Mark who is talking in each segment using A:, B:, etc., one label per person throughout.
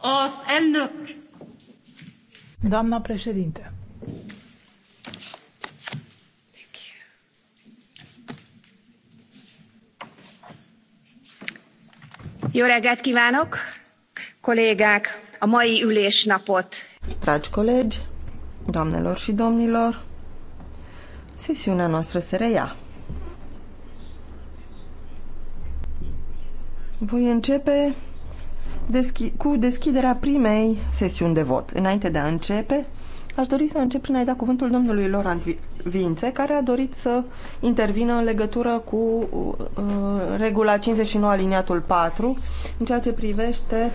A: Az elnök. Doamna președinte.
B: Jó reggelt kívánok, kollégák, a mai ülésnapot. Dragi colegi, doamnelor și domnilor, sesiunea noastră se reia. Voi începe deschi cu deschiderea primei sesiuni de vot. Înainte de a începe, aș dori să încep prin a-i da cuvântul domnului Laurent Vințe, care a dorit să intervină în legătură cu uh, regula 59 aliniatul 4, în ceea ce privește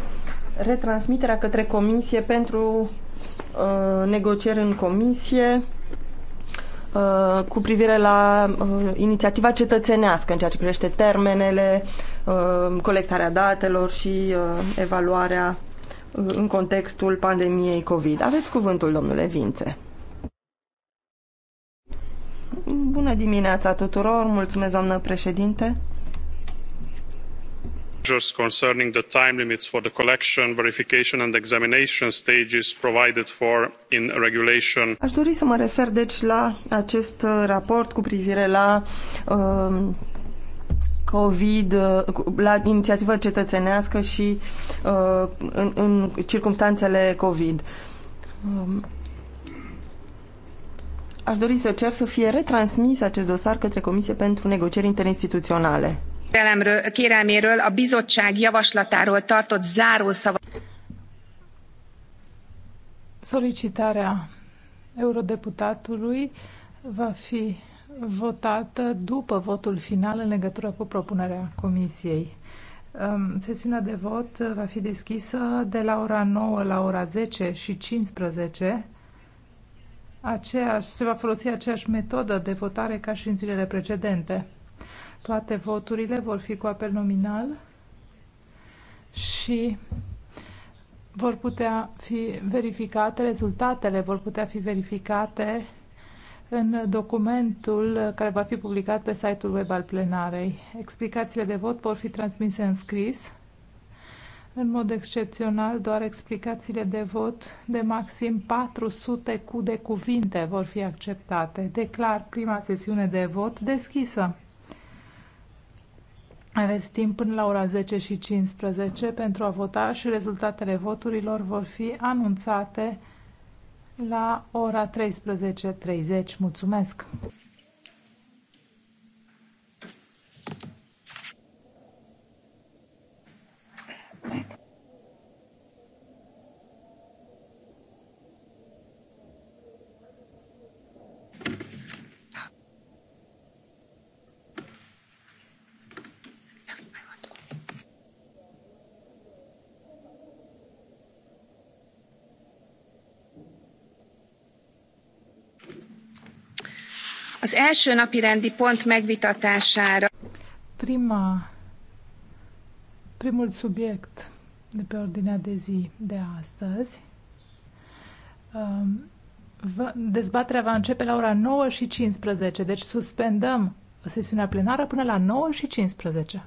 B: retransmiterea către comisie pentru uh, negocieri în comisie Uh, cu privire la uh, inițiativa cetățenească în ceea ce privește termenele, uh, colectarea datelor și uh, evaluarea uh, în contextul pandemiei COVID. Aveți cuvântul, domnule Vințe. Bună dimineața tuturor, mulțumesc, doamnă președinte measures concerning the time limits for the collection, verification and examination stages provided for in regulation. Aș dori să mă refer deci la acest uh, raport cu privire la um, COVID, uh, la inițiativa cetățenească și uh, în, în circumstanțele COVID. Um, aș dori să cer să fie retransmis acest dosar către Comisie pentru negocieri interinstituționale
C: kéreméről a bizottság javaslatáról tartott zárószava.
A: Solicitarea eurodeputatului va fi votată după votul final în legătură cu propunerea Comisiei. Um, sesiunea de vot va fi deschisă de la ora 9 la ora 10 și 15. Aceeași, se va folosi aceeași metodă de votare ca și în zilele precedente. Toate voturile vor fi cu apel nominal și vor putea fi verificate, rezultatele vor putea fi verificate în documentul care va fi publicat pe site-ul web al plenarei. Explicațiile de vot vor fi transmise în scris. În mod excepțional, doar explicațiile de vot de maxim 400 cu de cuvinte vor fi acceptate. Declar prima sesiune de vot deschisă. Aveți timp până la ora 10 și 15 pentru a vota și rezultatele voturilor vor fi anunțate la ora 13.30. Mulțumesc! Thank you. Az első napi rendi pont megvitatására. Prima, primul subiect de pe ordinea de zi de astăzi. Um, dezbaterea va începe la ora 9 și 15, deci suspendăm sesiunea plenară până la 9 și 15.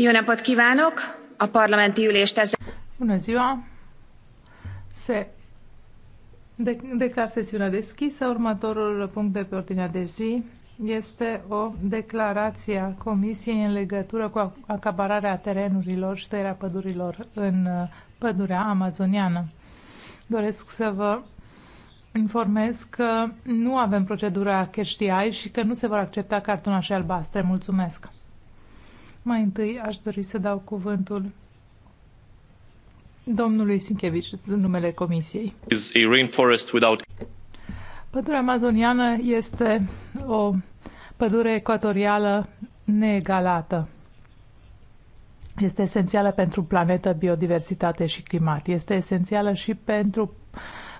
C: Jó napot A Bună ziua!
A: Se declar sesiunea deschisă. Următorul punct de pe ordinea de zi este o declarație a Comisiei în legătură cu acapararea terenurilor și tăierea pădurilor în uh, pădurea amazoniană. Doresc să vă informez că nu avem procedura catch the eye și că nu se vor accepta cartonașe albastre. Mulțumesc! Mai întâi aș dori să dau cuvântul domnului Sinchevici, în numele Comisiei.
D: Is a rainforest without...
A: Pădurea amazoniană este o pădure ecuatorială neegalată. Este esențială pentru planetă, biodiversitate și climat. Este esențială și pentru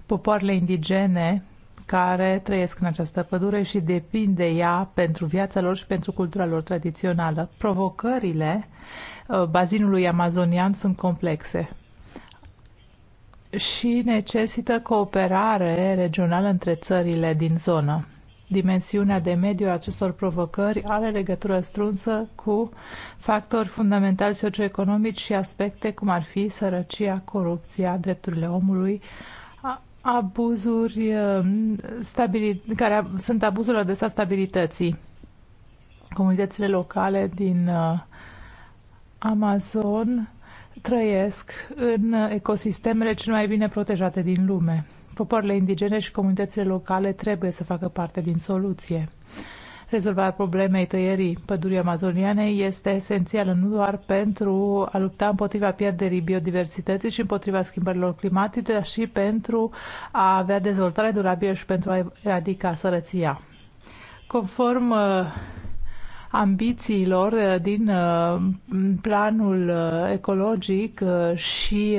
A: popoarele indigene care trăiesc în această pădure și depind de ea pentru viața lor și pentru cultura lor tradițională. Provocările uh, bazinului amazonian sunt complexe și necesită cooperare regională între țările din zonă. Dimensiunea de mediu a acestor provocări are legătură strânsă cu factori fundamentali socioeconomici și aspecte cum ar fi sărăcia, corupția, drepturile omului, abuzuri uh, stabilit, care sunt abuzurile adesea stabilității. Comunitățile locale din uh, Amazon trăiesc în uh, ecosistemele cel mai bine protejate din lume. Popoarele indigene și comunitățile locale trebuie să facă parte din soluție. Rezolvarea problemei tăierii pădurii amazoniane este esențială nu doar pentru a lupta împotriva pierderii biodiversității și împotriva schimbărilor climatice, dar și pentru a avea dezvoltare durabilă și pentru a eradica sărăcia. Conform uh, ambițiilor uh, din uh, planul uh, ecologic și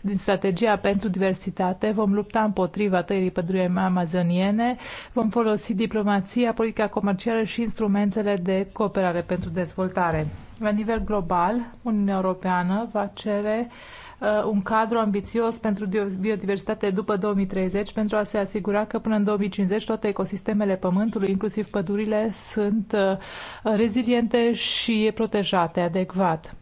A: din strategia pentru diversitate. Vom lupta împotriva tăierii pădurii amazoniene, vom folosi diplomația, politica comercială și instrumentele de cooperare pentru dezvoltare. La nivel global, Uniunea Europeană va cere Uh, un cadru ambițios pentru biodiversitate după 2030 pentru a se asigura că până în 2050 toate ecosistemele Pământului, inclusiv pădurile, sunt uh, reziliente și protejate adecvat.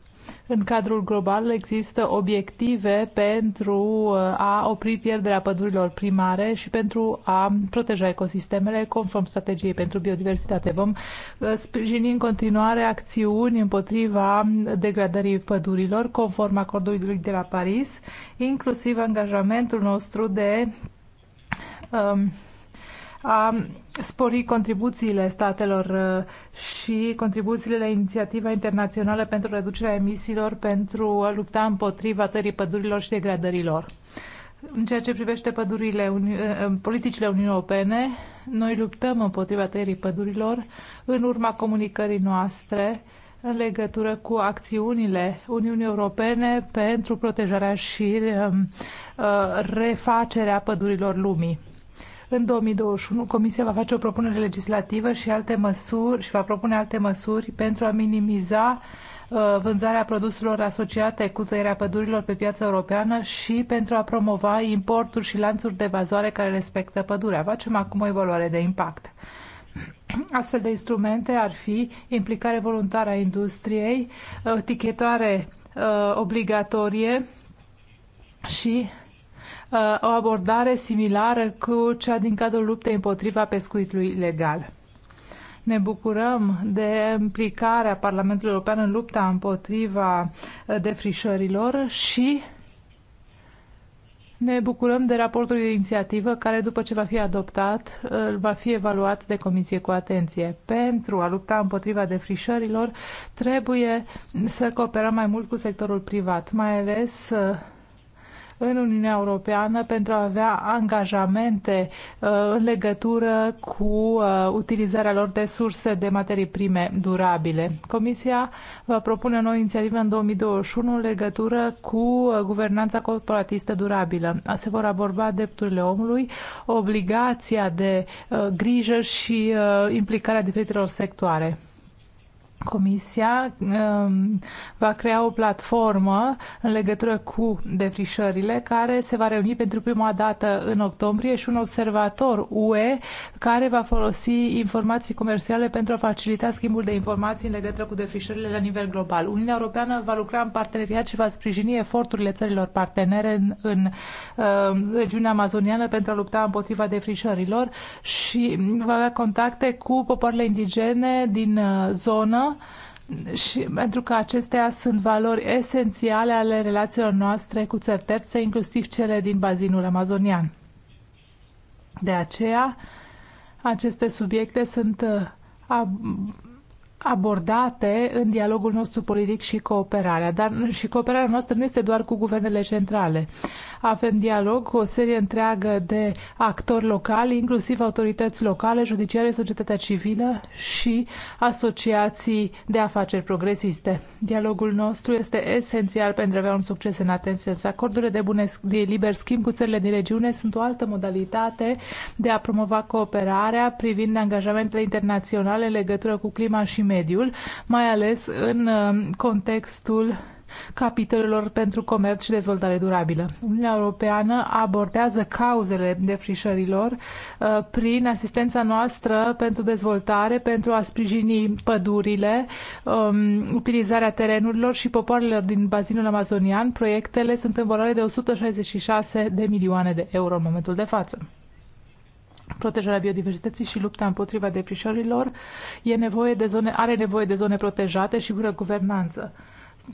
A: În cadrul global există obiective pentru uh, a opri pierderea pădurilor primare și pentru a proteja ecosistemele conform strategiei pentru biodiversitate. Vom uh, sprijini în continuare acțiuni împotriva degradării pădurilor conform acordului de la Paris, inclusiv angajamentul nostru de um, a spori contribuțiile statelor uh, și contribuțiile la inițiativa internațională pentru reducerea emisiilor pentru a lupta împotriva tării pădurilor și degradărilor. În ceea ce privește pădurile, uh, uh, politicile Uniunii Europene, noi luptăm împotriva tăierii pădurilor în urma comunicării noastre în legătură cu acțiunile Uniunii Europene pentru protejarea și um, refacerea pădurilor lumii. În 2021, Comisia va face o propunere legislativă și alte măsuri și va propune alte măsuri pentru a minimiza uh, vânzarea produselor asociate cu tăierea pădurilor pe piața europeană și pentru a promova importuri și lanțuri de vazoare care respectă pădurea. Facem acum o evaluare de impact. Astfel de instrumente ar fi implicare voluntară a industriei, etichetare uh, uh, obligatorie și Uh, o abordare similară cu cea din cadrul luptei împotriva pescuitului ilegal. Ne bucurăm de implicarea Parlamentului European în lupta împotriva uh, defrișărilor și ne bucurăm de raportul de inițiativă care, după ce va fi adoptat, uh, va fi evaluat de comisie cu atenție. Pentru a lupta împotriva defrișărilor, trebuie să cooperăm mai mult cu sectorul privat, mai ales în Uniunea Europeană pentru a avea angajamente uh, în legătură cu uh, utilizarea lor de surse de materii prime durabile. Comisia va propune o nouă inițiativă în 2021 în legătură cu uh, guvernanța corporatistă durabilă. Se vor aborda drepturile omului, obligația de grijă și implicarea diferitelor sectoare. Comisia um, va crea o platformă în legătură cu defrișările care se va reuni pentru prima dată în octombrie și un observator UE care va folosi informații comerciale pentru a facilita schimbul de informații în legătură cu defrișările la nivel global. Uniunea Europeană va lucra în parteneriat și va sprijini eforturile țărilor partenere în, în uh, regiunea amazoniană pentru a lupta împotriva defrișărilor și va avea contacte cu popoarele indigene din uh, zonă și pentru că acestea sunt valori esențiale ale relațiilor noastre cu țări terțe, inclusiv cele din bazinul amazonian. De aceea, aceste subiecte sunt uh, abordate în dialogul nostru politic și cooperarea. Dar și cooperarea noastră nu este doar cu guvernele centrale. Avem dialog cu o serie întreagă de actori locali, inclusiv autorități locale, judiciare, societatea civilă și asociații de afaceri progresiste. Dialogul nostru este esențial pentru a avea un succes în atenție. Acordurile de, bune, de liber schimb cu țările din regiune sunt o altă modalitate de a promova cooperarea privind angajamentele internaționale în legătură cu clima și mediul mediul, mai ales în uh, contextul capitolelor pentru comerț și dezvoltare durabilă. Uniunea Europeană abordează cauzele defrișărilor uh, prin asistența noastră pentru dezvoltare, pentru a sprijini pădurile, um, utilizarea terenurilor și popoarelor din bazinul amazonian. Proiectele sunt în valoare de 166 de milioane de euro în momentul de față protejarea biodiversității și lupta împotriva deprișorilor, e nevoie de zone, are nevoie de zone protejate și bună guvernanță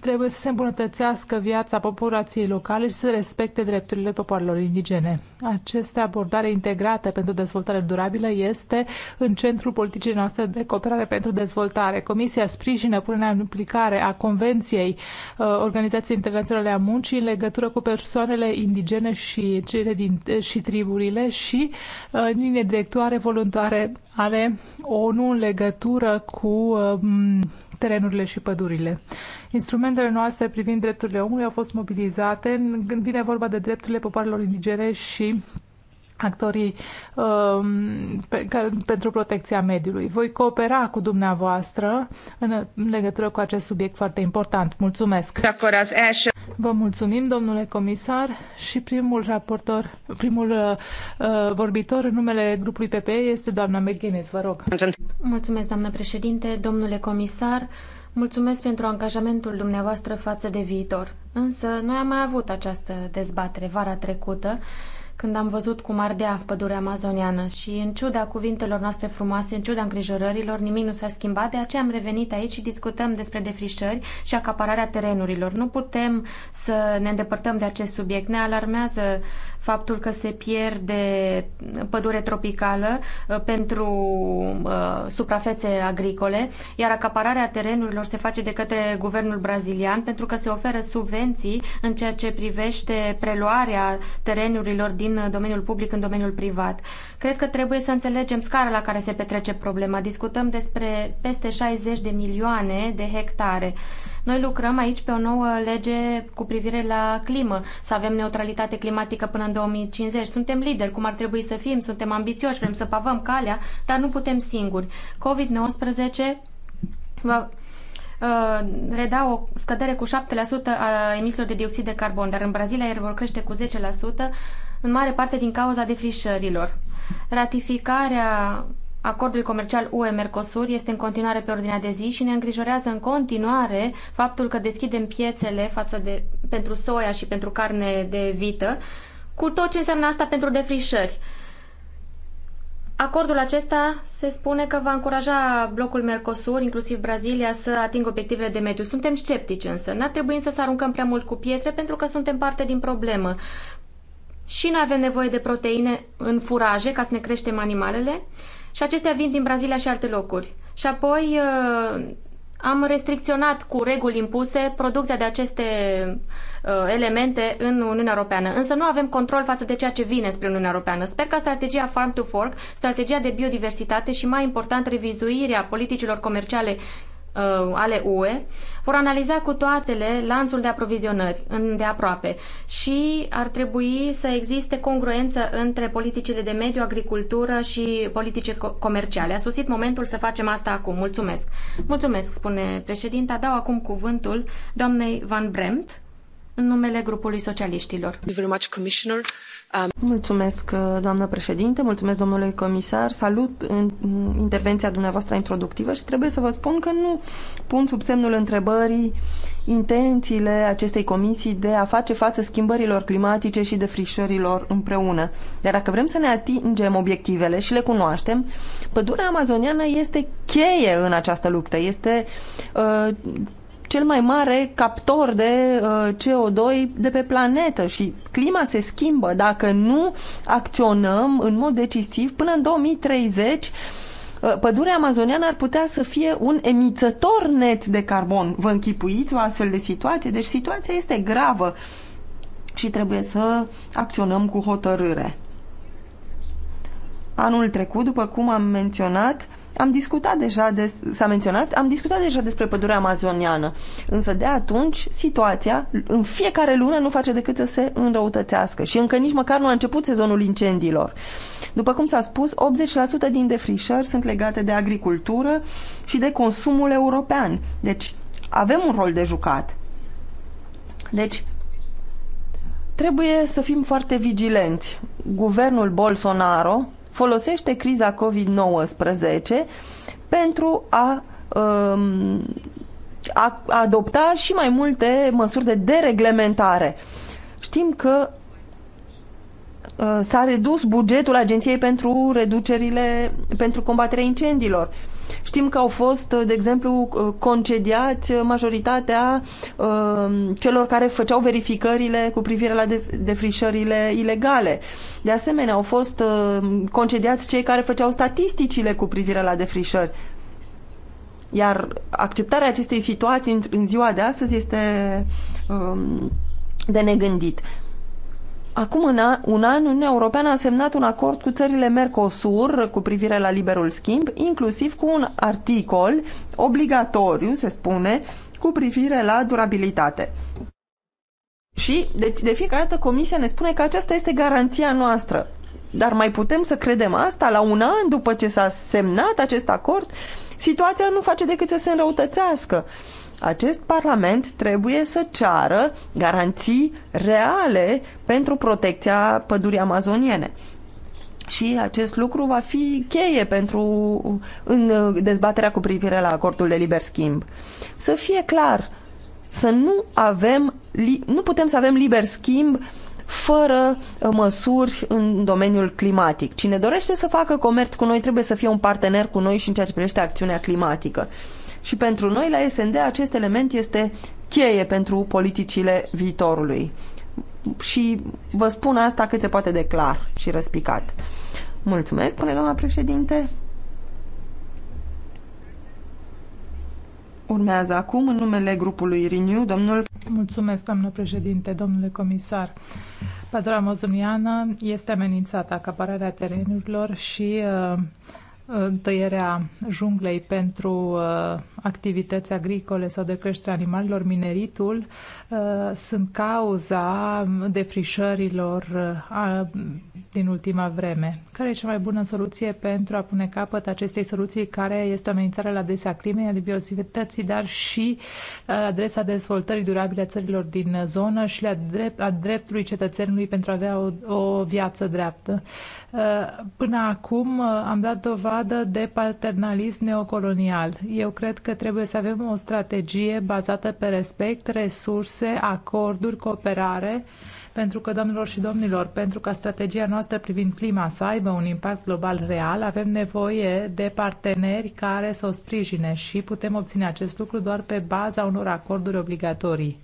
A: trebuie să se îmbunătățească viața populației locale și să respecte drepturile popoarelor indigene. Această abordare integrată pentru dezvoltare durabilă este în centrul politicii noastre de cooperare pentru dezvoltare. Comisia sprijină punerea în aplicare a Convenției uh, Organizației Internaționale a Muncii în legătură cu persoanele indigene și, cele din, și triburile și uh, linie directoare voluntare ale ONU în legătură cu um, terenurile și pădurile. Instrumentele noastre privind drepturile omului au fost mobilizate când vine vorba de drepturile popoarelor indigene și actorii um, pe, care, pentru protecția mediului. Voi coopera cu dumneavoastră în, în legătură cu acest subiect foarte important. Mulțumesc! Vă mulțumim, domnule comisar, și primul raportor, primul uh, uh vorbitor în numele grupului PPE este doamna McGuinness, vă rog.
C: Mulțumesc, doamnă președinte, domnule comisar, mulțumesc pentru angajamentul dumneavoastră față de viitor. Însă, noi am mai avut această dezbatere vara trecută când am văzut cum ardea pădurea amazoniană și în ciuda cuvintelor noastre frumoase, în ciuda îngrijorărilor, nimic nu s-a schimbat, de aceea am revenit aici și discutăm despre defrișări și acapararea terenurilor. Nu putem să ne îndepărtăm de acest subiect. Ne alarmează faptul că se pierde pădure tropicală uh, pentru uh, suprafețe agricole, iar acapararea terenurilor se face de către guvernul brazilian pentru că se oferă subvenții în ceea ce privește preluarea terenurilor din domeniul public în domeniul privat. Cred că trebuie să înțelegem scara la care se petrece problema. Discutăm despre peste 60 de milioane de hectare. Noi lucrăm aici pe o nouă lege cu privire la climă, să avem neutralitate climatică până în 2050. Suntem lideri, cum ar trebui să fim, suntem ambițioși, vrem să pavăm calea, dar nu putem singuri. COVID-19 va Uh, reda o scădere cu 7% a emisiilor de dioxid de carbon, dar în Brazilia ele vor crește cu 10%, în mare parte din cauza defrișărilor. Ratificarea acordului comercial UE-Mercosur este în continuare pe ordinea de zi și ne îngrijorează în continuare faptul că deschidem piețele față de, pentru soia și pentru carne de vită, cu tot ce înseamnă asta pentru defrișări. Uh, Acordul acesta se spune că va încuraja blocul Mercosur, inclusiv Brazilia, să atingă obiectivele de mediu. Suntem sceptici însă. N-ar trebui să aruncăm prea mult cu pietre pentru că suntem parte din problemă. Și noi avem nevoie de proteine în furaje ca să ne creștem animalele și acestea vin din Brazilia și alte locuri. Și apoi uh, am restricționat cu reguli impuse producția de aceste uh, elemente în Uniunea Europeană. Însă nu avem control față de ceea ce vine spre Uniunea Europeană. Sper ca strategia Farm to Fork, strategia de biodiversitate și, mai important, revizuirea politicilor comerciale Uh, ale UE vor analiza cu toatele lanțul de aprovizionări de aproape și ar trebui să existe congruență între politicile de mediu, agricultură și politice comerciale. A sosit momentul să facem asta acum. Mulțumesc. Mulțumesc, spune președinta. Dau acum cuvântul doamnei Van Bremt în numele grupului socialiștilor. Thank you very much,
B: Commissioner. Mulțumesc, uh, doamnă președinte, mulțumesc domnului comisar. Salut în mm, intervenția dumneavoastră introductivă și trebuie să vă spun că nu pun sub semnul întrebării intențiile acestei comisii de a face față schimbărilor climatice și defrișărilor împreună. Dar dacă vrem să ne atingem obiectivele și le cunoaștem, pădurea amazoniană este cheie în această luptă, este uh, cel mai mare captor de uh, CO2 de pe planetă și clima se schimbă dacă nu acționăm în mod decisiv până în 2030 uh, pădurea amazoniană ar putea să fie un emițător net de carbon. Vă închipuiți o astfel de situație? Deci situația este gravă și trebuie să acționăm cu hotărâre. Anul trecut, după cum am menționat, am discutat deja, des, s-a menționat, am discutat deja despre pădurea amazoniană, însă de atunci situația în fiecare lună nu face decât să se înrăutățească și încă nici măcar nu a început sezonul incendiilor. După cum s-a spus, 80% din defrișări sunt legate de agricultură și de consumul european. Deci avem un rol de jucat. Deci trebuie să fim foarte vigilenți. Guvernul Bolsonaro folosește criza COVID-19 pentru a, um, a adopta și mai multe măsuri de dereglementare. Știm că uh, s-a redus bugetul Agenției pentru reducerile pentru combaterea incendiilor. Uh, Știm că au fost, uh, de exemplu, uh, concediați uh, majoritatea celor care făceau verificările cu privire la defrișările ilegale. De asemenea, au fost concediați cei care făceau statisticile cu privire la defrișări. Iar acceptarea acestei situații în ziua de astăzi este um, de negândit. Acum un an, un an, Uniunea Europeană a semnat un acord cu țările Mercosur cu privire la liberul schimb, inclusiv cu un articol obligatoriu, se spune, cu privire la durabilitate. Și de, deci, de fiecare dată Comisia ne spune că aceasta este garanția noastră. Dar mai putem să credem asta la un an după ce s-a semnat acest acord? Situația nu face decât să se înrăutățească. Uh, acest Parlament trebuie să ceară garanții reale pentru protecția pădurii amazoniene. Și acest lucru va fi cheie pentru în dezbaterea cu privire la acordul de liber schimb. Să fie clar, să nu avem, nu putem să avem liber schimb fără uh, măsuri în domeniul climatic. Cine dorește să facă comerț cu noi trebuie să fie un partener cu noi și în ceea ce privește acțiunea climatică. Și pentru noi, la SND, acest element este cheie pentru politicile viitorului. Și vă spun asta cât se poate de clar și răspicat. Mulțumesc, spune doamna președinte. Urmează acum, în numele
A: grupului Renew, domnul... Mulțumesc, doamnă președinte, domnule comisar. Padra mozoniană este amenințată, acapararea terenurilor și uh, tăierea junglei pentru uh, activități agricole sau de creștere animalelor, mineritul, Uh, sunt cauza defrișărilor a, uh, din ultima vreme. Care e cea mai bună soluție pentru a pune capăt acestei soluții care este o amenințare la adresa climei, a biodiversității, dar și uh, adresa dezvoltării durabile a țărilor din zonă și la drept, a dreptului cetățenului pentru a avea o, o viață dreaptă. Până acum am dat dovadă de paternalism neocolonial. Eu cred că trebuie să avem o strategie bazată pe respect, resurse, produse, acorduri, cooperare, pentru că, domnilor și domnilor, pentru ca strategia noastră privind clima să aibă un impact global real, avem nevoie de parteneri care să o sprijine și putem obține acest lucru doar pe baza unor acorduri obligatorii.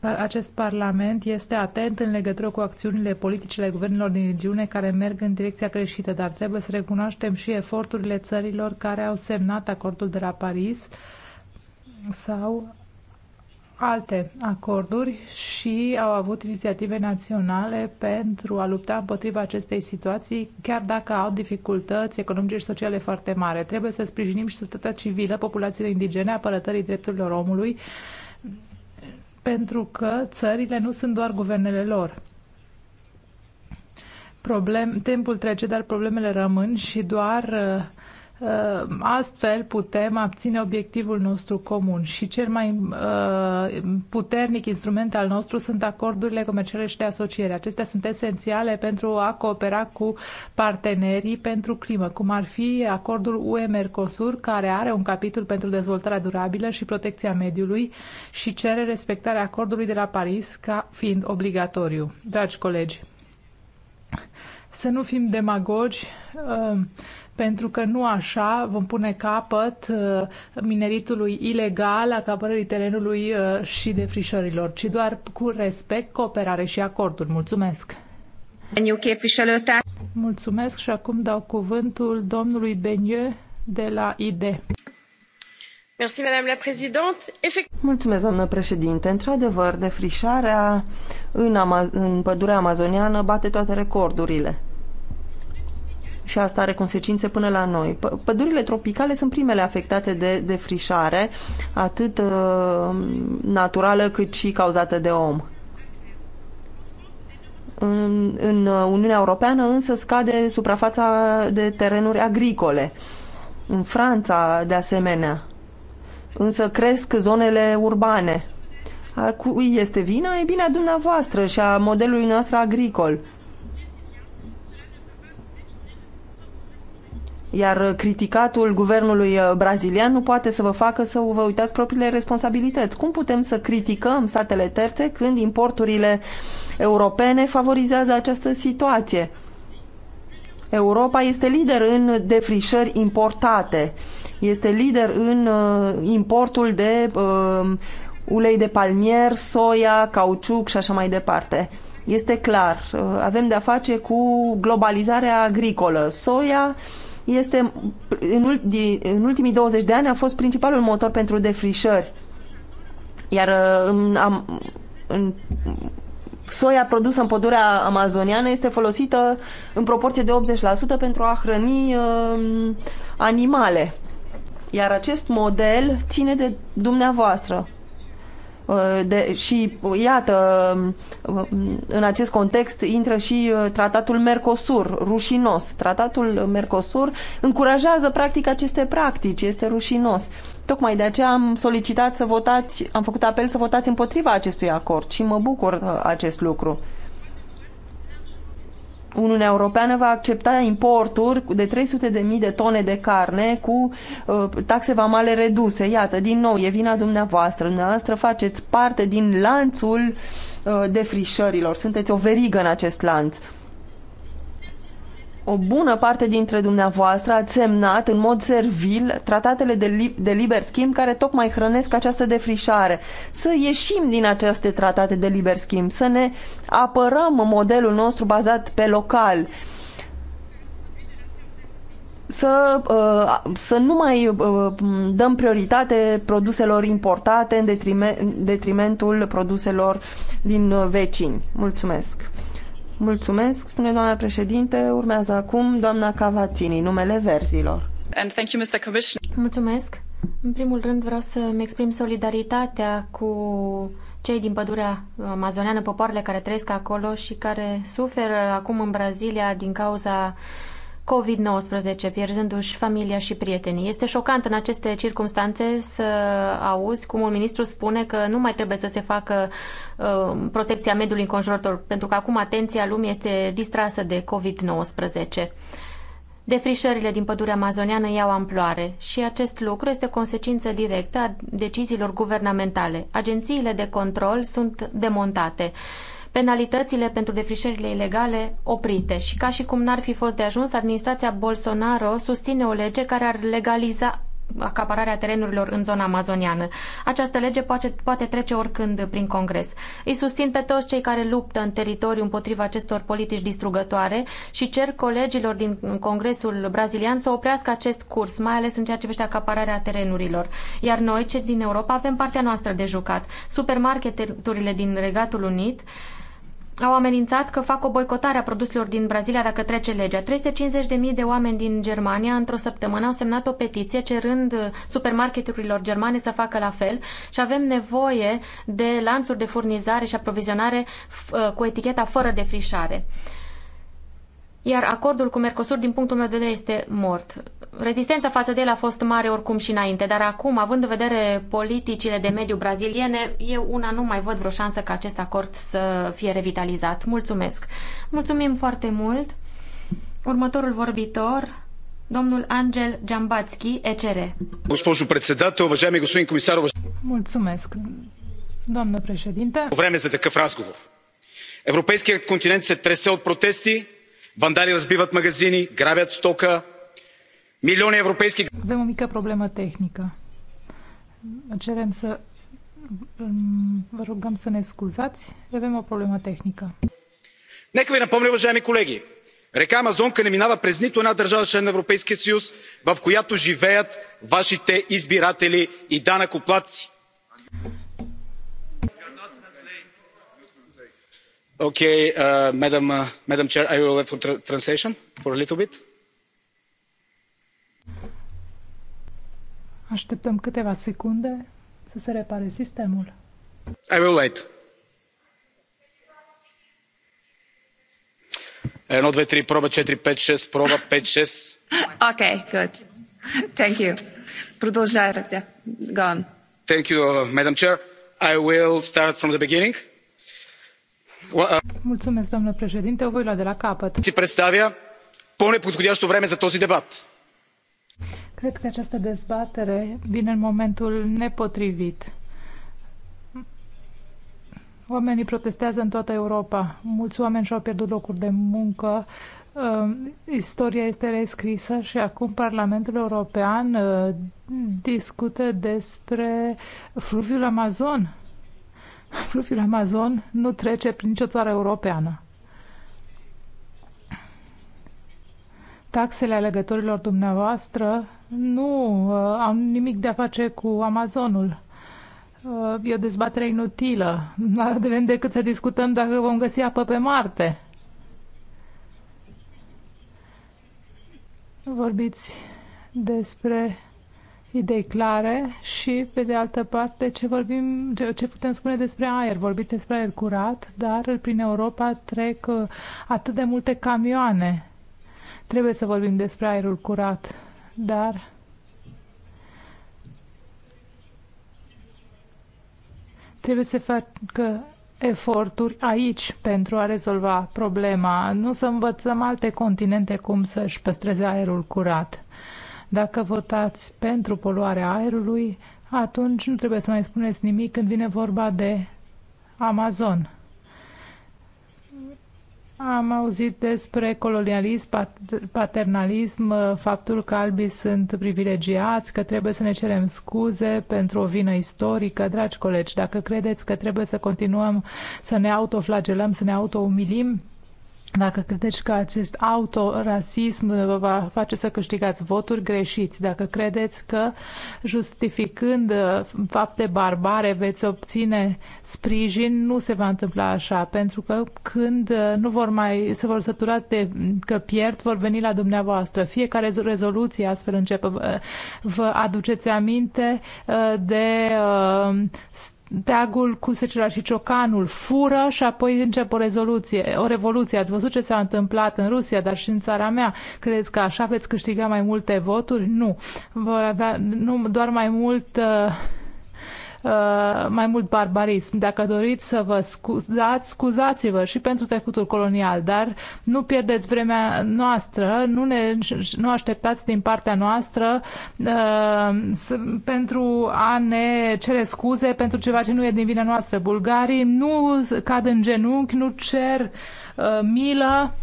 A: Acest Parlament este atent în legătură cu acțiunile politice ale guvernelor din regiune care merg în direcția creștită, dar trebuie să recunoaștem și eforturile țărilor care au semnat acordul de la Paris sau alte acorduri și au avut inițiative naționale pentru a lupta împotriva acestei situații, chiar dacă au dificultăți economice și sociale foarte mari. Trebuie să sprijinim și societatea civilă, populațiile indigene, apărătării drepturilor omului, pentru că țările nu sunt doar guvernele lor. Problem, timpul trece, dar problemele rămân și doar uh, Uh, astfel putem abține obiectivul nostru comun și cel mai uh, puternic instrument al nostru sunt acordurile comerciale și de asociere. Acestea sunt esențiale pentru a coopera cu partenerii pentru climă, cum ar fi acordul UE-Mercosur, care are un capitol pentru dezvoltarea durabilă și protecția mediului și cere respectarea acordului de la Paris ca fiind obligatoriu. Dragi colegi, să nu fim demagogi, uh, pentru că nu așa vom pune capăt uh, mineritului ilegal, acapărării terenului uh, și defrișărilor, ci doar cu respect, cooperare și acorduri. Mulțumesc! Mulțumesc și acum dau cuvântul domnului Benieu de la ID.
B: Mulțumesc, doamnă președinte. Într-adevăr, defrișarea în, Ama- în pădurea amazoniană bate toate recordurile și asta are consecințe până la noi. P pădurile tropicale sunt primele afectate de defrișare, atât uh, naturală cât și cauzată de om. În, în Uniunea Europeană însă scade suprafața de terenuri agricole. În Franța, de asemenea. Însă cresc zonele urbane. A cui este vina? E bine a dumneavoastră și a modelului nostru agricol Iar uh, criticatul guvernului uh, brazilian nu poate să vă facă să vă uitați propriile responsabilități. Cum putem să criticăm statele terțe când importurile europene favorizează această situație? Europa este lider în defrișări importate. Este lider în uh, importul de uh, ulei de palmier, soia, cauciuc și așa mai departe. Este clar, uh, avem de-a face cu globalizarea agricolă. Soia uh, este în ultimii 20 de ani a fost principalul motor pentru defrișări. Iar uh, în, am, în, soia produsă în pădurea amazoniană este folosită în proporție de 80% pentru a hrăni uh, animale. Iar acest model ține de dumneavoastră. Uh, de, și uh, iată, uh, în acest context intră și tratatul Mercosur, rușinos. Tratatul Mercosur încurajează practic aceste practici, este rușinos. Tocmai de aceea am solicitat să votați, am făcut apel să votați împotriva acestui acord și mă bucur acest lucru. Uniunea Europeană va accepta importuri de 300.000 de, de tone de carne cu uh, taxe vamale reduse. Iată, din nou, e vina dumneavoastră. Dumneavoastră faceți parte din lanțul uh, defrișărilor. Sunteți o verigă în acest lanț o bună parte dintre dumneavoastră ați semnat în mod servil tratatele de, li de liber schimb care tocmai hrănesc această defrișare. Să ieșim din aceste tratate de liber schimb, să ne apărăm modelul nostru bazat pe local, să, uh, să nu mai uh, dăm prioritate produselor importate în detrimentul produselor din uh, vecini. Mulțumesc! Mulțumesc, spune doamna președinte. Urmează acum doamna Cavatini, numele verzilor. And thank you, Mr. Commissioner.
C: Mulțumesc. În primul rând vreau să-mi exprim solidaritatea cu cei din pădurea amazoneană, popoarele care trăiesc acolo și care suferă acum în Brazilia din cauza uh, COVID-19, pierzându-și familia și prietenii. Este șocant în aceste circunstanțe să auzi cum un ministru spune că nu mai trebuie să se facă uh, protecția mediului înconjurător, pentru că acum atenția lumii este distrasă de COVID-19. Defrișările din pădurea amazoniană iau amploare și acest lucru este consecință directă a deciziilor guvernamentale. Agențiile de control sunt demontate penalitățile pentru defrișările ilegale oprite și ca și cum n-ar fi fost de ajuns, administrația Bolsonaro susține o lege care ar legaliza acapararea terenurilor în zona amazoniană. Această lege poate, poate trece oricând prin Congres. Îi susțin pe toți cei care luptă în teritoriu împotriva acestor politici distrugătoare și cer colegilor din Congresul brazilian să oprească acest curs, mai ales în ceea ce privește acapararea terenurilor. Iar noi, cei din Europa, avem partea noastră de jucat. Supermarketurile din Regatul Unit uh, au amenințat că fac o boicotare a produselor din Brazilia dacă trece legea. 350.000 de oameni din Germania într-o săptămână au semnat o petiție cerând supermarketurilor germane să facă la fel și avem nevoie de lanțuri de furnizare și aprovizionare uh, cu eticheta fără defrișare iar acordul cu Mercosur, din punctul meu de vedere, este mort. Rezistența față de el a fost mare oricum și înainte, dar acum, având în vedere politicile de mediu braziliene, eu una nu mai văd vreo șansă ca acest acord să fie revitalizat. Mulțumesc! Mulțumim foarte mult! Următorul vorbitor, domnul Angel Giambatski, ECR. Mulțumesc, domnul președinte.
D: Vreme să te căf разговор. Европейският континент се тресе от протести, Vandalii răzbivат magazini, grabeat stocă, milioane europeiske...
A: Avem o mică problemă tehnică. Cerem să... Vă rugăm să ne scuzați. Avem o problemă tehnică.
D: Нека ви напомня, уважаеми колеги, река Амазонка не минава през нито една държава член на Европейския съюз, в която живеят вашите избиратели и данъкоплатци. Okay, uh, Madam, uh, Madam Chair, I will have for tra translation for a little bit.
A: Așteptăm câteva secunde să se repare sistemul.
D: I will wait. Едно, две, три, проба, четири, пет, шест, проба, пет, шест.
B: Okay, good. Thank you. Продължайте. Go on.
D: Thank you, uh, Madam Chair. I will start from the beginning.
A: Mulțumesc, domnule președinte. O voi lua de la capăt. Ți представя по-неподходящо
D: време за този debat.
A: Cred că această dezbatere vine în momentul nepotrivit. Oamenii protestează în toată Europa. Mulți oameni și-au pierdut locuri de muncă. Um, istoria este rescrisă și acum Parlamentul European uh, discută despre fluviul Amazon fluviul Amazon nu trece prin nicio țară europeană. Taxele alegătorilor dumneavoastră nu uh, au nimic de a face cu Amazonul. Uh, e o dezbatere inutilă. Nu avem decât să discutăm dacă vom găsi apă pe Marte. Vorbiți despre idei clare și, pe de altă parte, ce, vorbim, ce, ce putem spune despre aer. Vorbiți despre aer curat, dar prin Europa trec uh, atât de multe camioane. Trebuie să vorbim despre aerul curat, dar... Trebuie să facă eforturi aici pentru a rezolva problema, nu să învățăm alte continente cum să-și păstreze aerul curat. Dacă votați pentru poluarea aerului, atunci nu trebuie să mai spuneți nimic când vine vorba de Amazon. Am auzit despre colonialism, paternalism, faptul că albii sunt privilegiați, că trebuie să ne cerem scuze pentru o vină istorică. Dragi colegi, dacă credeți că trebuie să continuăm să ne autoflagelăm, să ne autoumilim, dacă credeți că acest autorasism vă va face să câștigați voturi, greșiți. Dacă credeți că justificând uh, fapte barbare veți obține sprijin, nu se va întâmpla așa, pentru că când uh, nu vor mai, se vor sătura de că pierd, vor veni la dumneavoastră. Fiecare rezoluție astfel începe. Uh, vă aduceți aminte de deagul cu secera și ciocanul, fură și apoi începe o rezoluție, o revoluție. Ați văzut ce s-a întâmplat în Rusia, dar și în țara mea. Credeți că așa veți câștiga mai multe voturi? Nu. Vor avea nu, doar mai mult uh, Uh, mai mult barbarism. Dacă doriți să vă scuzați, scuzați-vă și pentru trecutul colonial, dar nu pierdeți vremea noastră, nu, ne, nu așteptați din partea noastră uh, pentru a ne cere scuze pentru ceva ce nu e din vina noastră. Bulgarii nu cad în genunchi, nu cer uh, milă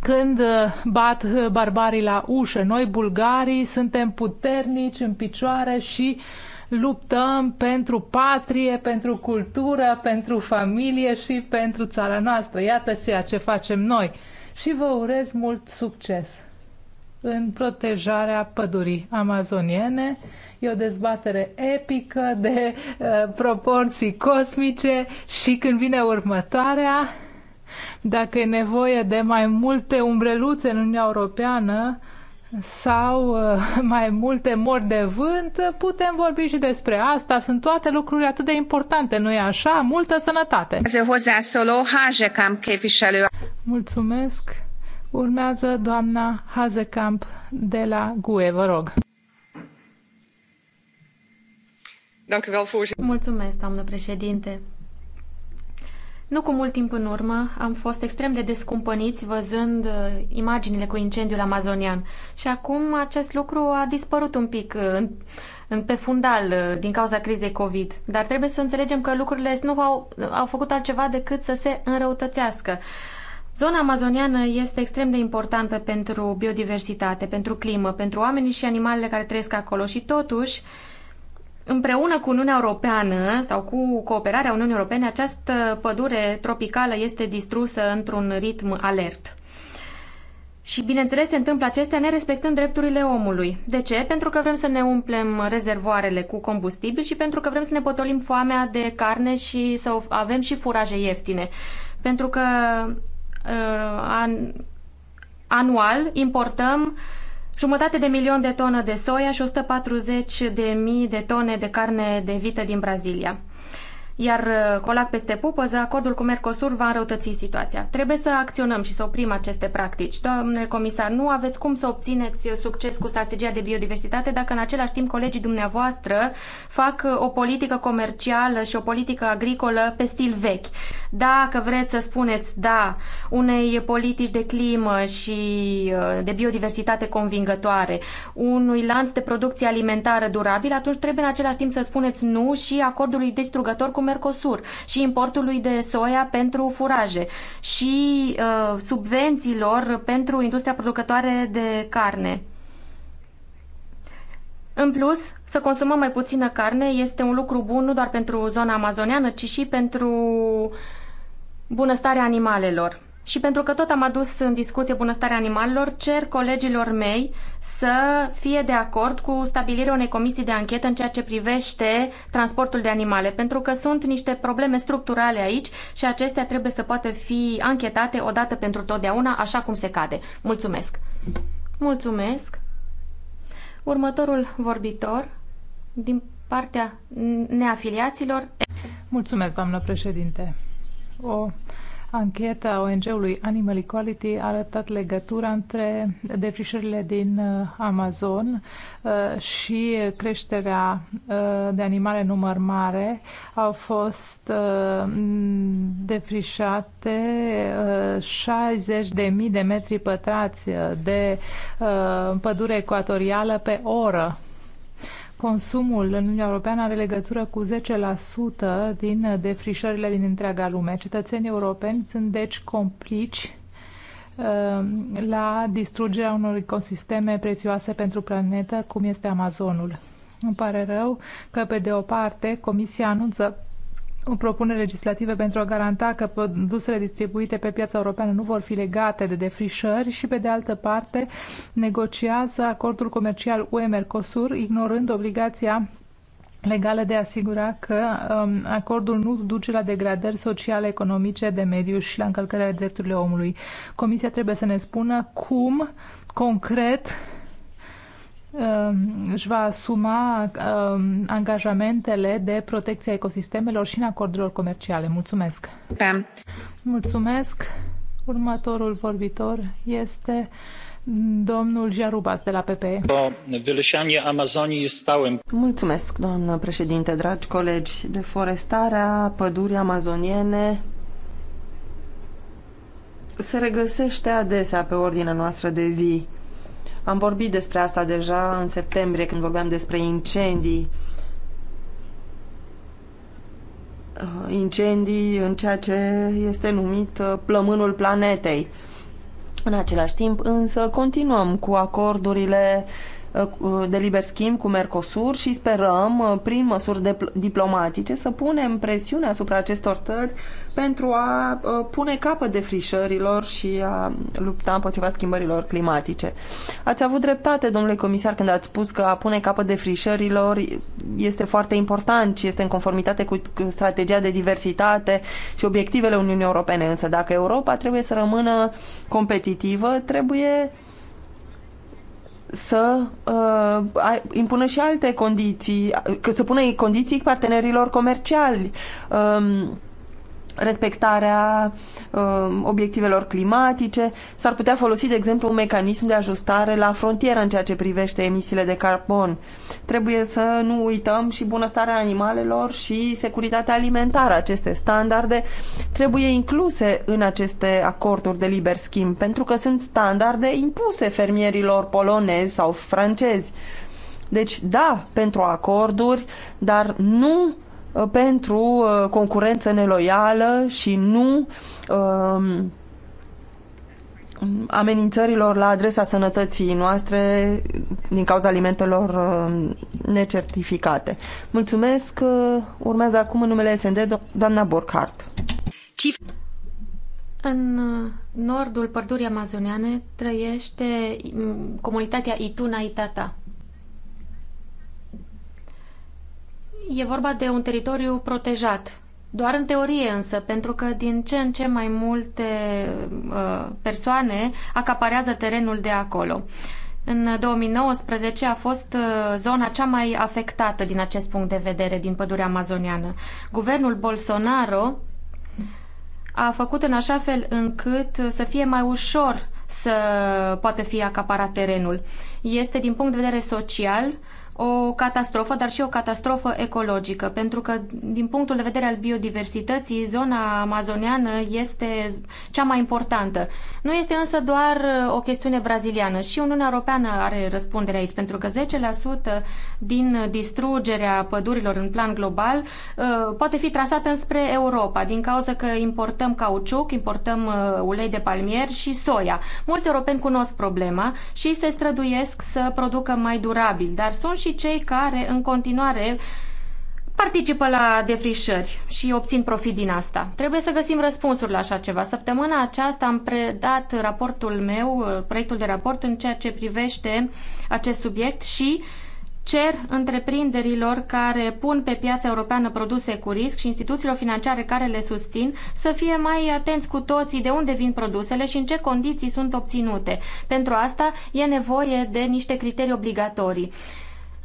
A: când uh, bat uh, barbarii la ușă. Noi, bulgarii, suntem puternici în picioare și uh, luptăm pentru patrie, pentru cultură, pentru familie și pentru țara noastră. Iată ceea ce facem noi. Și vă urez mult succes în protejarea pădurii amazoniene. E o dezbatere epică de uh, proporții cosmice și când vine următoarea, dacă e nevoie de mai multe umbreluțe în Uniunea Europeană, sau uh, mai multe mori de vânt, putem vorbi și despre asta. Sunt toate lucrurile atât de importante, nu-i așa? Multă sănătate! Mulțumesc! Urmează doamna Hazekamp de la GUE, vă rog.
C: Mulțumesc, doamnă președinte. Nu cu mult timp în urmă am fost extrem de descumpăniți văzând uh, imaginile cu incendiul amazonian și acum acest lucru a dispărut un pic uh, în, în, pe fundal uh, din cauza crizei COVID. Dar trebuie să înțelegem că lucrurile nu au, au făcut altceva decât să se înrăutățească. Zona amazoniană este extrem de importantă pentru biodiversitate, pentru climă, pentru oamenii și animalele care trăiesc acolo și totuși uh, Împreună cu Uniunea Europeană sau cu cooperarea Uniunii Europene, această pădure tropicală este distrusă într-un ritm alert. Și, bineînțeles, se întâmplă acestea nerespectând drepturile omului. De ce? Pentru că vrem să ne umplem rezervoarele cu combustibil și pentru că vrem să ne potolim foamea de carne și să avem și furaje ieftine. Pentru că uh, an, anual importăm uh, jumătate de milion de tone de soia și 140 de mii de tone de carne de vită din Brazilia. Iar uh, colac peste pupăză, acordul cu Mercosur va înrăutăți situația. Trebuie să acționăm și să oprim aceste practici. Doamne comisar, nu aveți cum să obțineți uh, succes cu strategia de biodiversitate dacă în același timp colegii dumneavoastră fac uh, o politică comercială și o politică agricolă pe stil vechi. Dacă vreți să spuneți da unei politici de climă și de biodiversitate convingătoare, unui lanț de producție alimentară durabil, atunci trebuie în același timp să spuneți nu și acordului distrugător cu Mercosur și importului de soia pentru furaje și uh, subvențiilor pentru industria producătoare de carne. În plus, să consumăm mai puțină carne este un lucru bun nu doar pentru zona amazoneană, ci și pentru bunăstarea animalelor. Și pentru că tot am adus în discuție bunăstarea animalelor, cer colegilor mei să fie de acord cu stabilirea unei comisii de anchetă în ceea ce privește transportul de animale, pentru că sunt niște probleme structurale aici și acestea trebuie să poată fi anchetate odată pentru totdeauna, așa cum se cade. Mulțumesc! Mulțumesc! Următorul vorbitor, din partea neafiliaților...
A: Mulțumesc, doamnă președinte! O Ancheta ONG-ului Animal Equality a arătat legătura între defrișările din uh, Amazon uh, și creșterea uh, de animale număr mare. Au fost defrișate 60.000 de metri pătrați de pădure ecuatorială pe oră consumul în Uniunea Europeană are legătură cu 10% din defrișările din întreaga lume. Cetățenii europeni sunt deci complici um, la distrugerea unor ecosisteme prețioase pentru planetă, cum este Amazonul. Îmi pare rău că, pe de o parte, Comisia anunță propuneri legislative pentru a garanta că produsele distribuite pe piața europeană nu vor fi legate de defrișări și, pe de altă parte, negociază acordul comercial UE-Mercosur, ignorând obligația legală de a asigura că um, acordul nu duce la degradări sociale, economice, de mediu și la încălcările drepturilor omului. Comisia trebuie să ne spună cum, concret, Um, își va asuma um, angajamentele de protecție a ecosistemelor și în acordurilor comerciale. Mulțumesc! Pam. Mulțumesc! Următorul vorbitor este domnul
B: Jarubas de la PPE. Mulțumesc, doamnă președinte, dragi colegi. Deforestarea pădurii amazoniene se regăsește adesea pe ordinea noastră de zi am vorbit despre asta deja în septembrie când vorbeam despre incendii. Uh, incendii în ceea ce este numit uh, plămânul planetei. În același timp, însă, continuăm cu acordurile uh, de liber schimb cu Mercosur și sperăm, uh, prin măsuri diplomatice, să punem presiune asupra acestor țări pentru a uh, pune capăt frișărilor și a lupta împotriva schimbărilor climatice. Ați avut dreptate, domnule comisar, când ați spus că a pune capăt frișărilor este foarte important și este în conformitate cu strategia de diversitate și obiectivele Uniunii Europene. Însă dacă Europa trebuie să rămână competitivă, trebuie să uh, impună și alte condiții, că să pună condiții partenerilor comerciali. Um, respectarea uh, obiectivelor climatice. S-ar putea folosi, de exemplu, un mecanism de ajustare la frontieră în ceea ce privește emisiile de carbon. Trebuie să nu uităm și bunăstarea animalelor și securitatea alimentară. Aceste standarde trebuie incluse în aceste acorduri de liber schimb, pentru că sunt standarde impuse fermierilor polonezi sau francezi. Deci, da, pentru acorduri, dar nu Uh, pentru uh, concurență neloială și nu um, amenințărilor la adresa sănătății noastre din cauza alimentelor um, necertificate. Mulțumesc. Uh, urmează acum în numele SND doamna Borchardt.
C: În nordul pădurii amazoneane trăiește mm, comunitatea Ituna Itata. E vorba de un teritoriu protejat. Doar în teorie însă, pentru că din ce în ce mai multe uh, persoane acaparează terenul de acolo. În 2019 a fost uh, zona cea mai afectată din acest punct de vedere din pădurea amazoniană. Guvernul Bolsonaro a făcut în așa fel încât să fie mai ușor să poată fi acaparat terenul. Este din punct de vedere social o catastrofă, dar și o catastrofă ecologică, pentru că din punctul de vedere al biodiversității, zona amazoneană este cea mai importantă. Nu este însă doar uh, o chestiune braziliană și Uniunea Europeană are răspundere aici, pentru că 10% din distrugerea pădurilor în plan global uh, poate fi trasată înspre Europa, din cauza că importăm cauciuc, importăm uh, ulei de palmier și soia. Mulți europeni cunosc problema și se străduiesc să producă mai durabil, dar sunt și și cei care în continuare participă la defrișări și obțin profit din asta. Trebuie să găsim răspunsuri la așa ceva. Săptămâna aceasta am predat raportul meu, proiectul de raport în ceea ce privește acest subiect și cer întreprinderilor care pun pe piața europeană produse cu risc și instituțiilor financiare care le susțin să fie mai atenți cu toții de unde vin produsele și în ce condiții sunt obținute. Pentru asta e nevoie de niște criterii obligatorii.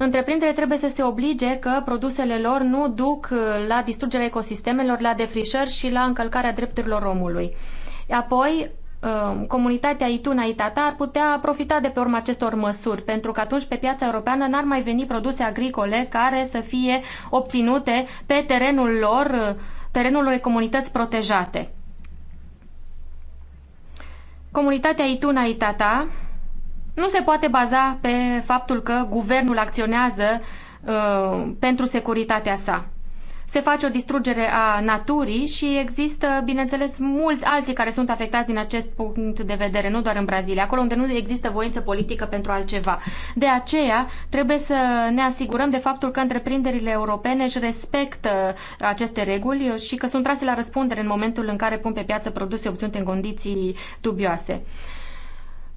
C: Întreprinderile trebuie să se oblige că produsele lor nu duc uh, la distrugerea ecosistemelor, la defrișări și la încălcarea drepturilor omului. Apoi, uh, comunitatea Ituna Itata ar putea profita de pe urma acestor măsuri, pentru că atunci pe piața europeană n-ar mai veni produse agricole care să fie obținute pe terenul lor, uh, terenul unei comunități protejate. Comunitatea Ituna Itata nu se poate baza pe faptul că guvernul acționează uh, pentru securitatea sa. Se face o distrugere a naturii și există, bineînțeles, mulți alții care sunt afectați din acest punct de vedere, nu doar în Brazilia, acolo unde nu există voință politică pentru altceva. De aceea, trebuie să ne asigurăm de faptul că întreprinderile europene își respectă aceste reguli și că sunt trase la răspundere în momentul în care pun pe piață produse obținute în condiții dubioase. Uh,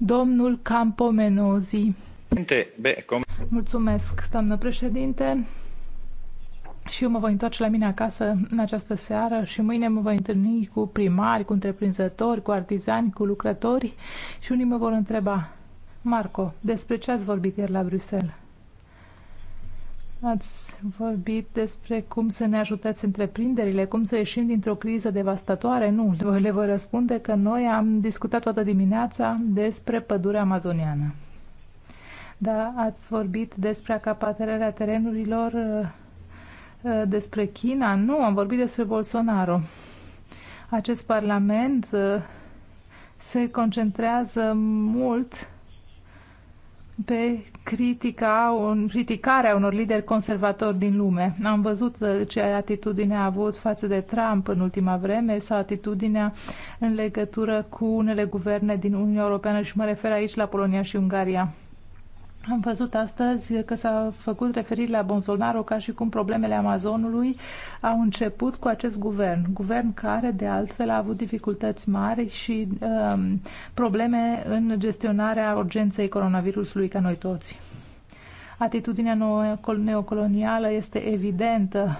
A: domnul Campomenozi. Mulțumesc, doamnă președinte. Și eu mă voi întoarce la mine acasă în această seară și mâine mă voi întâlni cu primari, cu întreprinzători, cu artizani, cu lucrători și unii mă vor întreba, Marco, despre ce ați vorbit ieri la Bruxelles? Ați vorbit despre cum să ne ajutați întreprinderile, cum să ieșim dintr-o criză devastatoare. Nu, le voi răspunde că noi am discutat toată dimineața despre pădurea amazoniană. Da, ați vorbit despre acapaterarea terenurilor, uh, uh, despre China. Nu, am vorbit despre Bolsonaro. Acest parlament uh, se concentrează mult pe critica, un, criticarea unor lideri conservatori din lume. Am văzut uh, ce atitudine a avut față de Trump în ultima vreme sau atitudinea în legătură cu unele guverne din Uniunea Europeană și mă refer aici la Polonia și Ungaria. Am văzut astăzi că s-a făcut referire la Bolsonaro ca și cum problemele Amazonului au început cu acest guvern. Guvern care, de altfel, a avut dificultăți mari și um, probleme în gestionarea urgenței coronavirusului ca noi toți. Atitudinea neocolonială este evidentă.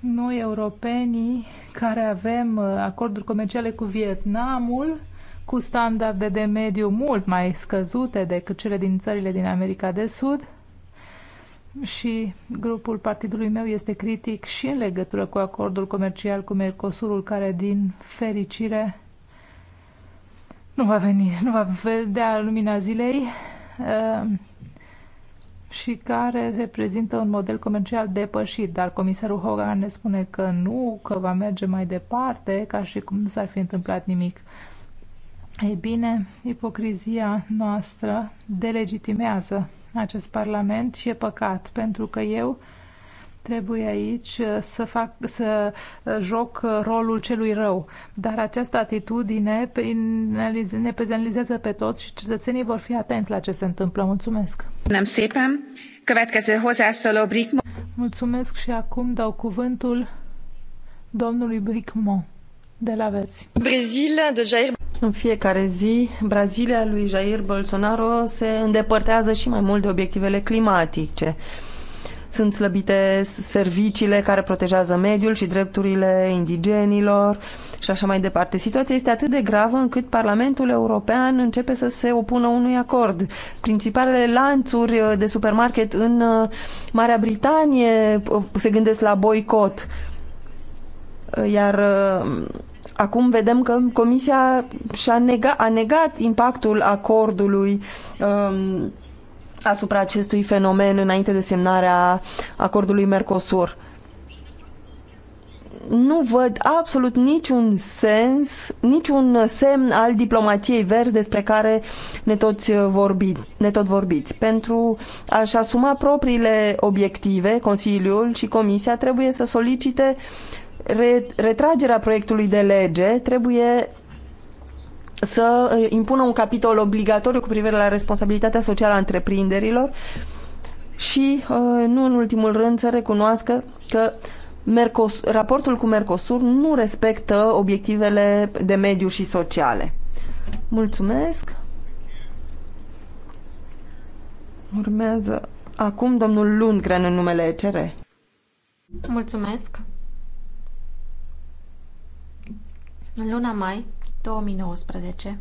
A: Noi, europenii, care avem uh, acorduri comerciale cu Vietnamul, uh, cu standarde de mediu mult mai scăzute decât cele din țările din America de Sud și grupul partidului meu este critic și în legătură cu acordul comercial cu Mercosurul, care, din fericire, nu va veni, nu va vedea lumina zilei uh, și care reprezintă un model comercial depășit, dar comisarul Hogan ne spune că nu, că va merge mai departe, ca și cum nu s-ar fi întâmplat nimic. Ei bine, ipocrizia noastră delegitimează acest Parlament și e păcat, pentru că eu trebuie aici uh, să, fac, să uh, joc uh, rolul celui rău. Dar această atitudine ne penalizează pe toți și cetățenii vor fi atenți la ce se întâmplă. Mulțumesc! Mulțumesc și acum dau cuvântul domnului Bricmont de la
B: Brazil, de Jair... În fiecare zi, Brazilia lui Jair Bolsonaro se îndepărtează și mai mult de obiectivele climatice. Sunt slăbite serviciile care protejează mediul și drepturile indigenilor și așa mai departe. Situația este atât de gravă încât Parlamentul European începe să se opună unui acord. Principalele lanțuri de supermarket în uh, Marea Britanie uh, se gândesc la boicot Uh, iar uh, acum vedem că Comisia și-a nega, a negat impactul acordului um, asupra acestui fenomen înainte de semnarea acordului Mercosur. Nu văd absolut niciun sens, niciun semn al diplomației verzi despre care ne, toți vorbi, ne tot vorbiți. Pentru a-și asuma propriile obiective, Consiliul și Comisia trebuie să solicite uh, retragerea proiectului de lege trebuie să uh, impună un capitol obligatoriu cu privire la responsabilitatea socială a întreprinderilor și, uh, nu în ultimul rând, să recunoască că Mercos, raportul cu Mercosur nu respectă obiectivele de mediu și sociale. Mulțumesc! Urmează acum domnul Lundgren în numele ECR.
C: Mulțumesc! în luna mai 2019,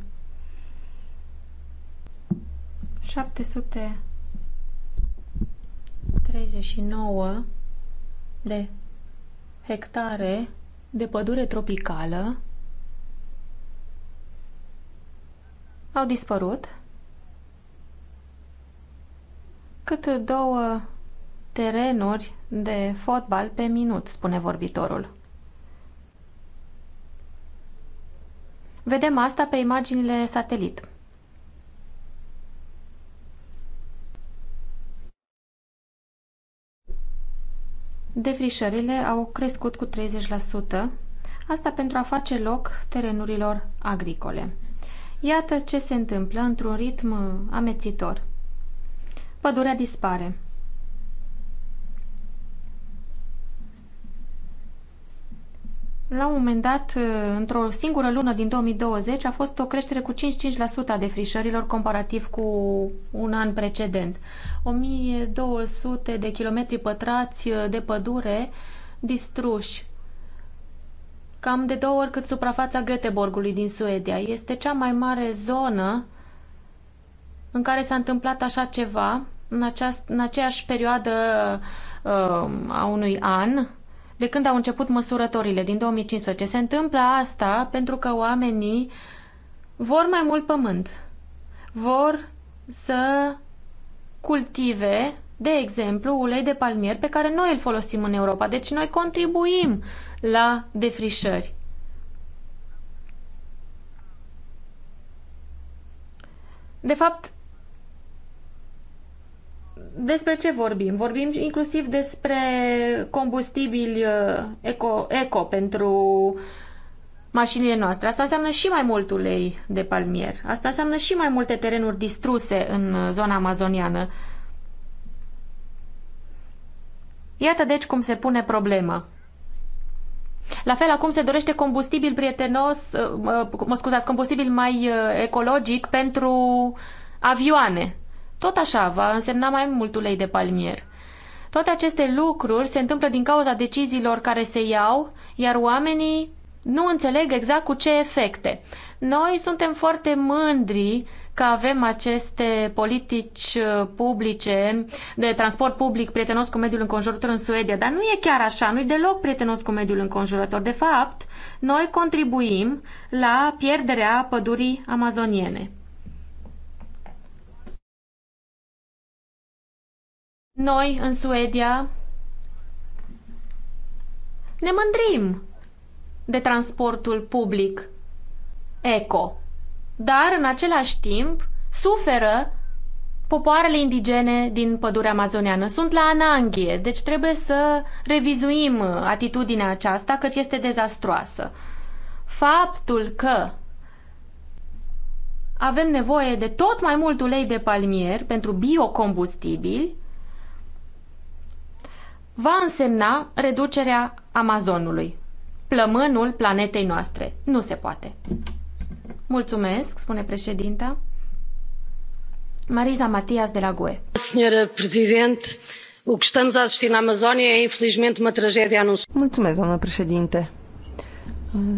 C: 739 de hectare de pădure tropicală au dispărut, cât două terenuri de fotbal pe minut, spune vorbitorul. Vedem asta pe imaginile satelit. Defrișările au crescut cu 30%, asta pentru a face loc terenurilor agricole. Iată ce se întâmplă într-un ritm amețitor. Pădurea dispare. La un moment dat, uh, într-o singură lună din 2020, a fost o creștere cu 55% a defrișărilor comparativ cu un an precedent. 1200 de kilometri pătrați uh, de pădure distruși. Cam de două ori cât suprafața Göteborgului din Suedia. Este cea mai mare zonă în care s-a întâmplat așa ceva în, aceast- în aceeași perioadă uh, a unui an de când au început măsurătorile din 2015. Se întâmplă asta pentru că oamenii vor mai mult pământ. Vor să cultive, de exemplu, ulei de palmier pe care noi îl folosim în Europa. Deci noi contribuim la defrișări. De fapt, despre ce vorbim? Vorbim inclusiv despre combustibili uh, eco, eco pentru mașinile noastre. Asta înseamnă și mai mult ulei de palmier. Asta înseamnă și mai multe terenuri distruse în zona amazoniană. Iată deci cum se pune problema. La fel acum se dorește combustibil prietenos, uh, uh, mă scuzați, combustibil mai ecologic pentru avioane tot așa va însemna mai mult ulei de palmier. Toate aceste lucruri se întâmplă din cauza deciziilor care se iau, iar oamenii nu înțeleg exact cu ce efecte. Noi suntem foarte mândri că avem aceste politici uh, publice de transport public prietenos cu mediul înconjurător în Suedia, dar nu e chiar așa, nu e deloc prietenos cu mediul înconjurător. De fapt, noi contribuim la pierderea pădurii amazoniene. Noi, în Suedia, ne mândrim de transportul public eco, dar în același timp suferă popoarele indigene din pădurea amazoneană. Sunt la ananghie, deci trebuie să revizuim atitudinea aceasta, căci este dezastroasă. Faptul că avem nevoie de tot mai mult ulei de palmier pentru biocombustibili va însemna reducerea Amazonului, plămânul planetei noastre. Nu se poate. Mulțumesc, spune președinta. Marisa Matias de la GUE. Senhora Presidente, o que estamos a assistir na Amazônia é infelizmente uma tragédia anunciada.
B: Mulțumesc, doamnă președinte.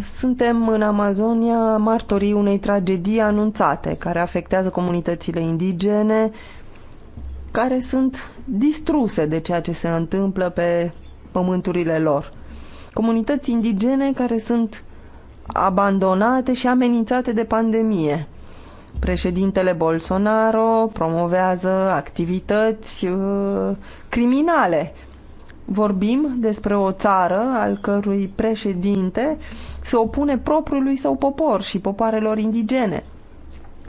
B: Suntem în Amazonia martorii unei tragedii anunțate care afectează comunitățile indigene, care sunt distruse de ceea ce se întâmplă pe pământurile lor. Comunități indigene care sunt abandonate și amenințate de pandemie. Președintele Bolsonaro promovează activități uh, criminale. Vorbim despre o țară al cărui președinte se opune propriului său popor și popoarelor indigene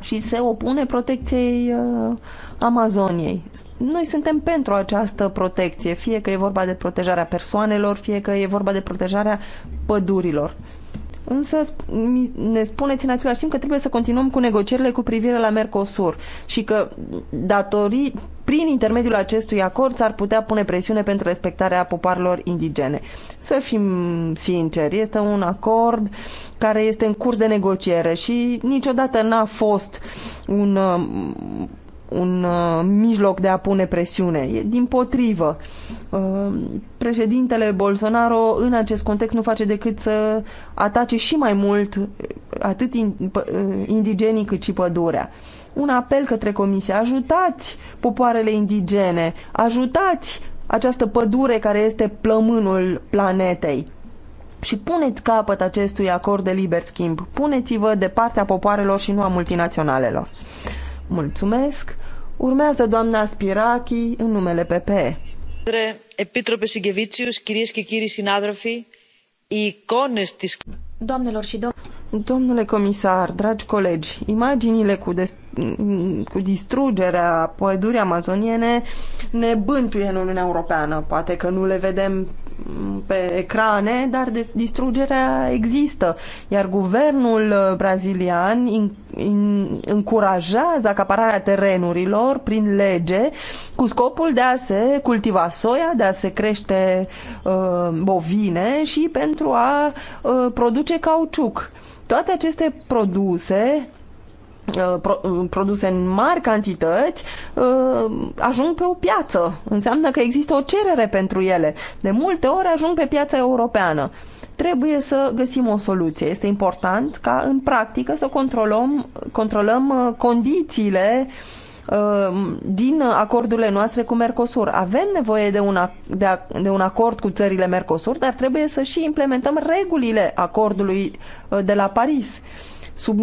B: și se opune protecției uh, Amazoniei. Noi suntem pentru această protecție, fie că e vorba de protejarea persoanelor, fie că e vorba de protejarea pădurilor. Însă ne spuneți în același timp că trebuie să continuăm cu negocierile cu privire la Mercosur și că datorii, prin intermediul acestui acord s-ar putea pune presiune pentru respectarea popoarelor indigene. Să fim sinceri, este un acord care este în curs de negociere și niciodată n-a fost un, um, un uh, mijloc de a pune presiune. E din potrivă. Uh, președintele Bolsonaro în acest context nu face decât să atace și mai mult atât uh, indigenii cât și pădurea un apel către Comisie. Ajutați popoarele indigene, ajutați această pădure care este plămânul planetei și puneți capăt acestui acord de liber schimb. Puneți-vă de partea popoarelor și nu a multinaționalelor. Mulțumesc. Urmează doamna Spirachi în numele PP. Επίτροπε Σιγκεβίτσιους, κυρίες και κύριοι συνάδελφοι, οι Doamnelor și domnilor, Domnule comisar, dragi colegi, imaginile cu, des- cu distrugerea pădurii amazoniene ne bântuie în Uniunea Europeană. Poate că nu le vedem pe ecrane, dar distrugerea există. Iar guvernul uh, brazilian in, in, încurajează acapararea terenurilor prin lege cu scopul de a se cultiva soia, de a se crește uh, bovine și pentru a uh, produce cauciuc toate aceste produse uh, uh, produse în mari cantități uh, ajung pe o piață. Înseamnă că există o cerere pentru ele. De multe ori ajung pe piața europeană. Trebuie să găsim o soluție. Este important ca în practică să controlăm, controlăm condițiile uh, Uh, din acordurile noastre cu Mercosur. Avem nevoie de un, de, a, de un acord cu țările Mercosur, dar trebuie să și implementăm regulile acordului uh, de la Paris. Sub